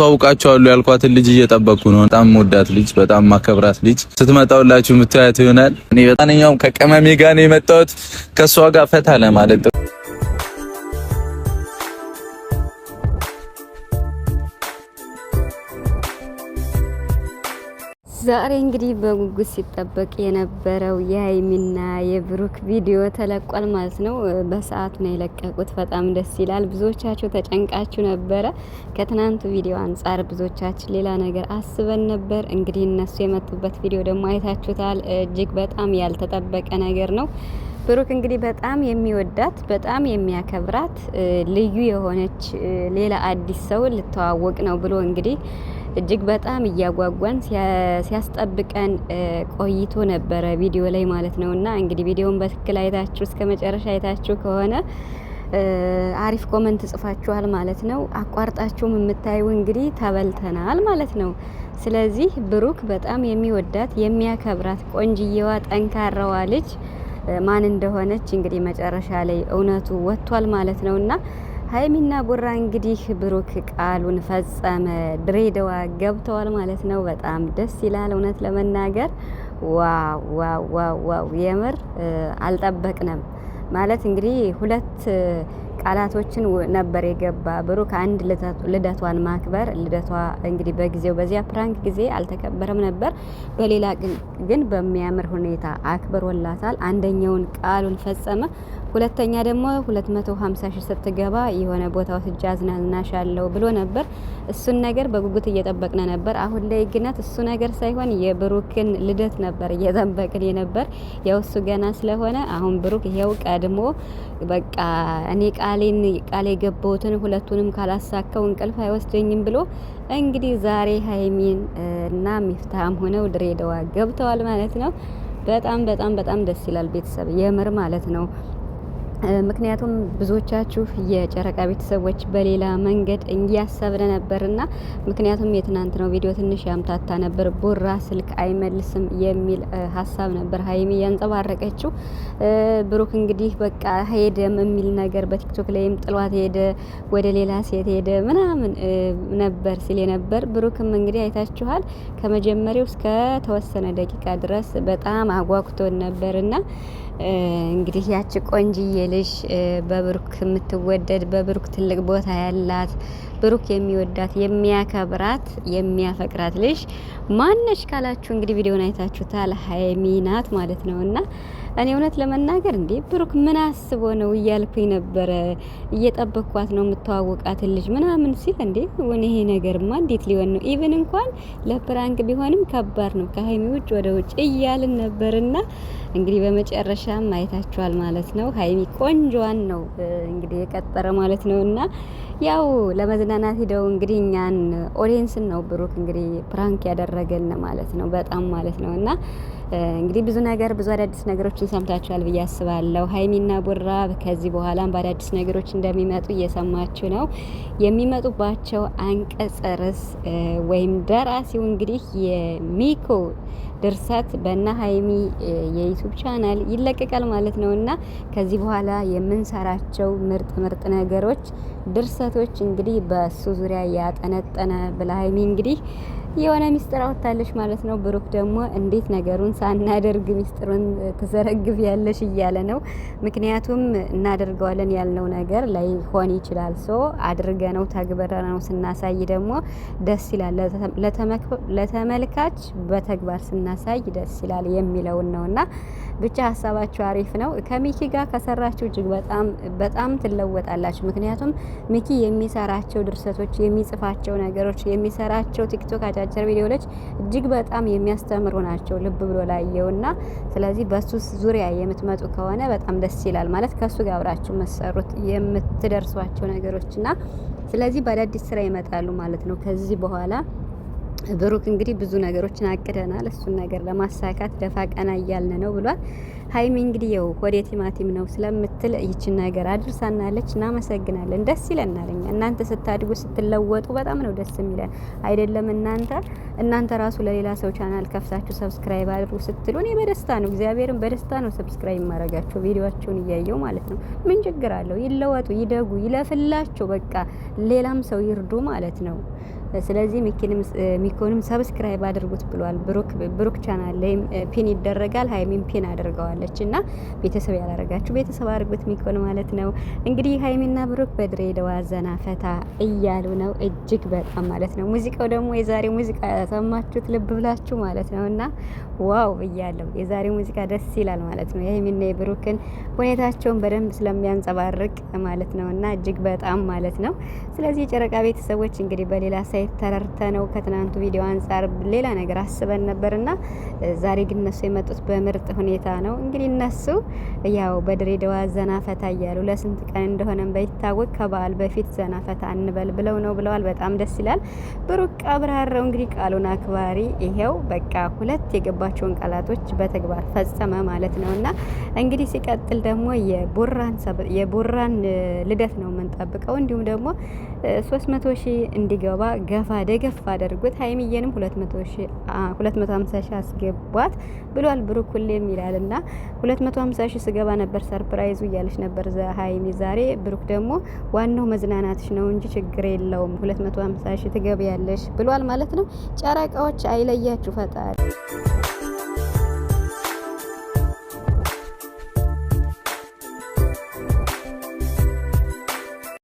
አስተዋውቃቸዋለሁ ያልኳትን ልጅ እየጠበቅኩ ነው። በጣም ወዳት ልጅ፣ በጣም ማከብራት ልጅ ስትመጣውላችሁ የምታያት ይሆናል። እኔ በጣም ከቀመሜ ጋር ነው የመጣሁት ከእሷ ጋር ፈታ ለማለት ዛሬ እንግዲህ በጉጉት ሲጠበቅ የነበረው የሀይሚና የብሩክ ቪዲዮ ተለቋል ማለት ነው። በሰዓቱ ነው የለቀቁት። በጣም ደስ ይላል። ብዙዎቻችሁ ተጨንቃችሁ ነበረ። ከትናንቱ ቪዲዮ አንጻር ብዙዎቻችን ሌላ ነገር አስበን ነበር። እንግዲህ እነሱ የመጡበት ቪዲዮ ደግሞ አይታችሁታል። እጅግ በጣም ያልተጠበቀ ነገር ነው። ብሩክ እንግዲህ በጣም የሚወዳት በጣም የሚያከብራት ልዩ የሆነች ሌላ አዲስ ሰው ልተዋወቅ ነው ብሎ እንግዲህ እጅግ በጣም እያጓጓን ሲያስጠብቀን ቆይቶ ነበረ ቪዲዮ ላይ ማለት ነው። እና እንግዲህ ቪዲዮውን በትክክል አይታችሁ እስከ መጨረሻ አይታችሁ ከሆነ አሪፍ ኮመንት ጽፋችኋል ማለት ነው። አቋርጣችሁም የምታዩ እንግዲህ ተበልተናል ማለት ነው። ስለዚህ ብሩክ በጣም የሚወዳት የሚያከብራት ቆንጅየዋ ጠንካራዋ ልጅ ማን እንደሆነች እንግዲህ መጨረሻ ላይ እውነቱ ወጥቷል ማለት ነውና ሀይሚና ቡራ እንግዲህ ብሩክ ቃሉን ፈጸመ። ድሬዳዋ ገብተዋል ማለት ነው። በጣም ደስ ይላል። እውነት ለመናገር ዋው ዋው ዋው ዋው! የምር አልጠበቅንም ማለት እንግዲህ ሁለት ቃላቶችን ነበር የገባ ብሩክ አንድ ልደቷን ማክበር ልደቷ እንግዲህ በጊዜው በዚያ ፕራንክ ጊዜ አልተከበረም ነበር። በሌላ ግን በሚያምር ሁኔታ አክብሮላታል። አንደኛውን ቃሉን ፈጸመ። ሁለተኛ ደግሞ 250 ሺህ ስትገባ የሆነ ቦታ ወስጄ አለው ብሎ ነበር። እሱን ነገር በጉጉት እየጠበቅን ነበር። አሁን ላይ ግነት እሱ ነገር ሳይሆን የብሩክን ልደት ነበር እየጠበቅን የነበር። ያው እሱ ገና ስለሆነ አሁን ብሩክ ይሄው ቀድሞ በቃ እኔ ቃል ቃሌን ቃሌ የገባሁትን ሁለቱንም ካላሳካው እንቅልፍ አይወስደኝም ብሎ እንግዲህ ዛሬ ሀይሚን እና ሚፍታም ሆነው ድሬዳዋ ገብተዋል ማለት ነው። በጣም በጣም በጣም ደስ ይላል ቤተሰብ የምር ማለት ነው። ምክንያቱም ብዙዎቻችሁ የጨረቃ ቤተሰቦች በሌላ መንገድ እያሰብን ነበርና፣ ምክንያቱም የትናንት ነው ቪዲዮ ትንሽ ያምታታ ነበር። ቦራ ስልክ አይመልስም የሚል ሀሳብ ነበር ሀይሚ ያንጸባረቀችው። ብሩክ እንግዲህ በቃ ሄደም የሚል ነገር በቲክቶክ ላይም ጥሏት ሄደ፣ ወደ ሌላ ሴት ሄደ ምናምን ነበር ሲል ነበር። ብሩክም እንግዲህ አይታችኋል፣ ከመጀመሪያው እስከ ተወሰነ ደቂቃ ድረስ በጣም አጓጉቶን ነበርና እንግዲህ ያቺ ቆንጅዬ ልጅ በብሩክ የምትወደድ በብሩክ ትልቅ ቦታ ያላት ብሩክ የሚወዳት የሚያከብራት የሚያፈቅራት ልጅ ማነች ካላችሁ እንግዲህ ቪዲዮን አይታችሁታል። ሀይሚ ናት ማለት ነው እና እኔ እውነት ለመናገር እንዴ ብሩክ ምን አስቦ ነው እያልኩኝ ነበረ። እየጠበኳት ነው የምተዋወቃትን ልጅ ምናምን ሲል እንዴ ወን ይሄ ነገርማ እንዴት ሊሆን ነው? ኢቭን እንኳን ለፕራንክ ቢሆንም ከባድ ነው ከሀይሚ ውጭ ወደ ውጭ እያልን ነበርና እንግዲህ በመጨረሻም አይታችኋል ማለት ነው። ሀይሚ ቆንጆዋን ነው እንግዲህ የቀጠረ ማለት ነውና ያው ለመዝናናት ሄደው እንግዲህ እኛን ኦዲየንስን ነው ብሩክ እንግዲህ ፕራንክ ያደረገን ማለት ነው። በጣም ማለት ነው። እና እንግዲህ ብዙ ነገር ብዙ አዳዲስ ነገሮችን ሰምታችኋል ብዬ አስባለሁ። ሀይሚና ቡራ ከዚህ በኋላም በአዳዲስ ነገሮች እንደሚመጡ እየሰማችሁ ነው። የሚመጡባቸው አንቀጽ ርዕስ ወይም ደራሲው እንግዲህ የሚኮ ድርሰት በእነ ሀይሚ የዩቱብ ቻናል ይለቀቃል ማለት ነው እና ከዚህ በኋላ የምንሰራቸው ምርጥ ምርጥ ነገሮች ድርሰቶች እንግዲህ በእሱ ዙሪያ ያጠነጠነ ብለ ሀይሚ እንግዲህ የሆነ ሚስጥር አወጣለች ማለት ነው። ብሩክ ደግሞ እንዴት ነገሩን ሳናደርግ ሚስጥሩን ትዘረግብ ያለሽ እያለ ነው። ምክንያቱም እናደርገዋለን ያልነው ነገር ላይሆን ይችላል። ሶ አድርገ ነው ተግበረ ነው ስናሳይ ደግሞ ደስ ይላል። ለተመልካች በተግባር ስናሳይ ደስ ይላል የሚለውን ነው እና ብቻ ሀሳባችሁ አሪፍ ነው። ከሚኪ ጋር ከሰራችሁ እጅግ በጣም በጣም ትለወጣላችሁ። ምክንያቱም ሚኪ የሚሰራቸው ድርሰቶች፣ የሚጽፋቸው ነገሮች፣ የሚሰራቸው ቲክቶክ አጫጭር ቪዲዮዎች እጅግ በጣም የሚያስተምሩ ናቸው ልብ ብሎ ላየውና፣ ስለዚህ በሱ ዙሪያ የምትመጡ ከሆነ በጣም ደስ ይላል። ማለት ከሱ ጋር አብራችሁ መሰሩት የምትደርሷቸው ነገሮችና ስለዚህ በአዳዲስ ስራ ይመጣሉ ማለት ነው ከዚህ በኋላ ብሩክ እንግዲህ ብዙ ነገሮችን አቅደናል፣ እሱን ነገር ለማሳካት ደፋ ቀና እያልን ነው ብሏል። ሀይሚ እንግዲህ ው ሆዴ ቲማቲም ነው ስለምትል ይችን ነገር አድርሳናለች። እናመሰግናለን። ደስ ይለናል። እኛ እናንተ ስታድጉ ስትለወጡ በጣም ነው ደስ የሚለን አይደለም? እናንተ እናንተ ራሱ ለሌላ ሰው ቻናል ከፍታችሁ ሰብስክራይብ አድርጉ ስትሉ እኔ በደስታ ነው እግዚአብሔርን በደስታ ነው ሰብስክራይብ ማድረጋቸው ቪዲዮቸውን እያየው ማለት ነው። ምን ችግር አለው? ይለወጡ፣ ይደጉ፣ ይለፍላቸው። በቃ ሌላም ሰው ይርዱ ማለት ነው። ስለዚህ ሚኮንም ሰብስክራይብ አድርጉት ብሏል። ብሩክ ቻናል ላይ ፒን ይደረጋል። ሀይሚን ፒን አድርገዋለች እና ቤተሰብ ያላረጋችሁ ቤተሰብ አድርጉት ሚኮን ማለት ነው። እንግዲህ ሀይሚና ብሩክ በድሬዳዋ ዘና ፈታ እያሉ ነው፣ እጅግ በጣም ማለት ነው። ሙዚቃው ደግሞ የዛሬ ሙዚቃ ሰማችሁት ልብ ብላችሁ ማለት ነው እና ዋው ብያለሁ። የዛሬ ሙዚቃ ደስ ይላል ማለት ነው። የሀይሚና የብሩክን ሁኔታቸውን በደንብ ስለሚያንጸባርቅ ማለት ነው እና እጅግ በጣም ማለት ነው። ስለዚህ የጨረቃ ቤተሰቦች እንግዲህ በሌላ ሳይ አስተያየት ነው ከትናንቱ ቪዲዮ አንጻር ሌላ ነገር አስበን ነበርና ዛሬ ግን እነሱ የመጡት በምርጥ ሁኔታ ነው። እንግዲህ እነሱ ያው በድሬዳዋ ዘና ፈታ እያሉ ለስንት ቀን እንደሆነ ባይታወቅ ከበዓል በፊት ዘና ፈታ እንበል ብለው ነው ብለዋል። በጣም ደስ ይላል። ብሩክ አብራረው እንግዲህ ቃሉን አክባሪ ይሄው በቃ ሁለት የገባቸውን ቃላቶች በተግባር ፈጸመ ማለት እና እንግዲህ ሲቀጥል ደግሞ የቦራን ልደት ነው የምንጠብቀው እንዲሁም ደግሞ መቶ ሺህ እንዲገባ ገፋ ደገፋ አድርጉት። ሀይሚዬንም 250 ሺ አስገቧት ብሏል ብሩክ ሁሌም ይላልና 250 ሺ ስገባ ነበር ሰርፕራይዙ እያለች ነበር ሀይሚ ዛሬ። ብሩክ ደግሞ ዋናው መዝናናትሽ ነው እንጂ ችግር የለውም 250 ሺህ ትገቢያለሽ ብሏል ማለት ነው። ጨረቃዎች አይለያችሁ ፈጣሪ።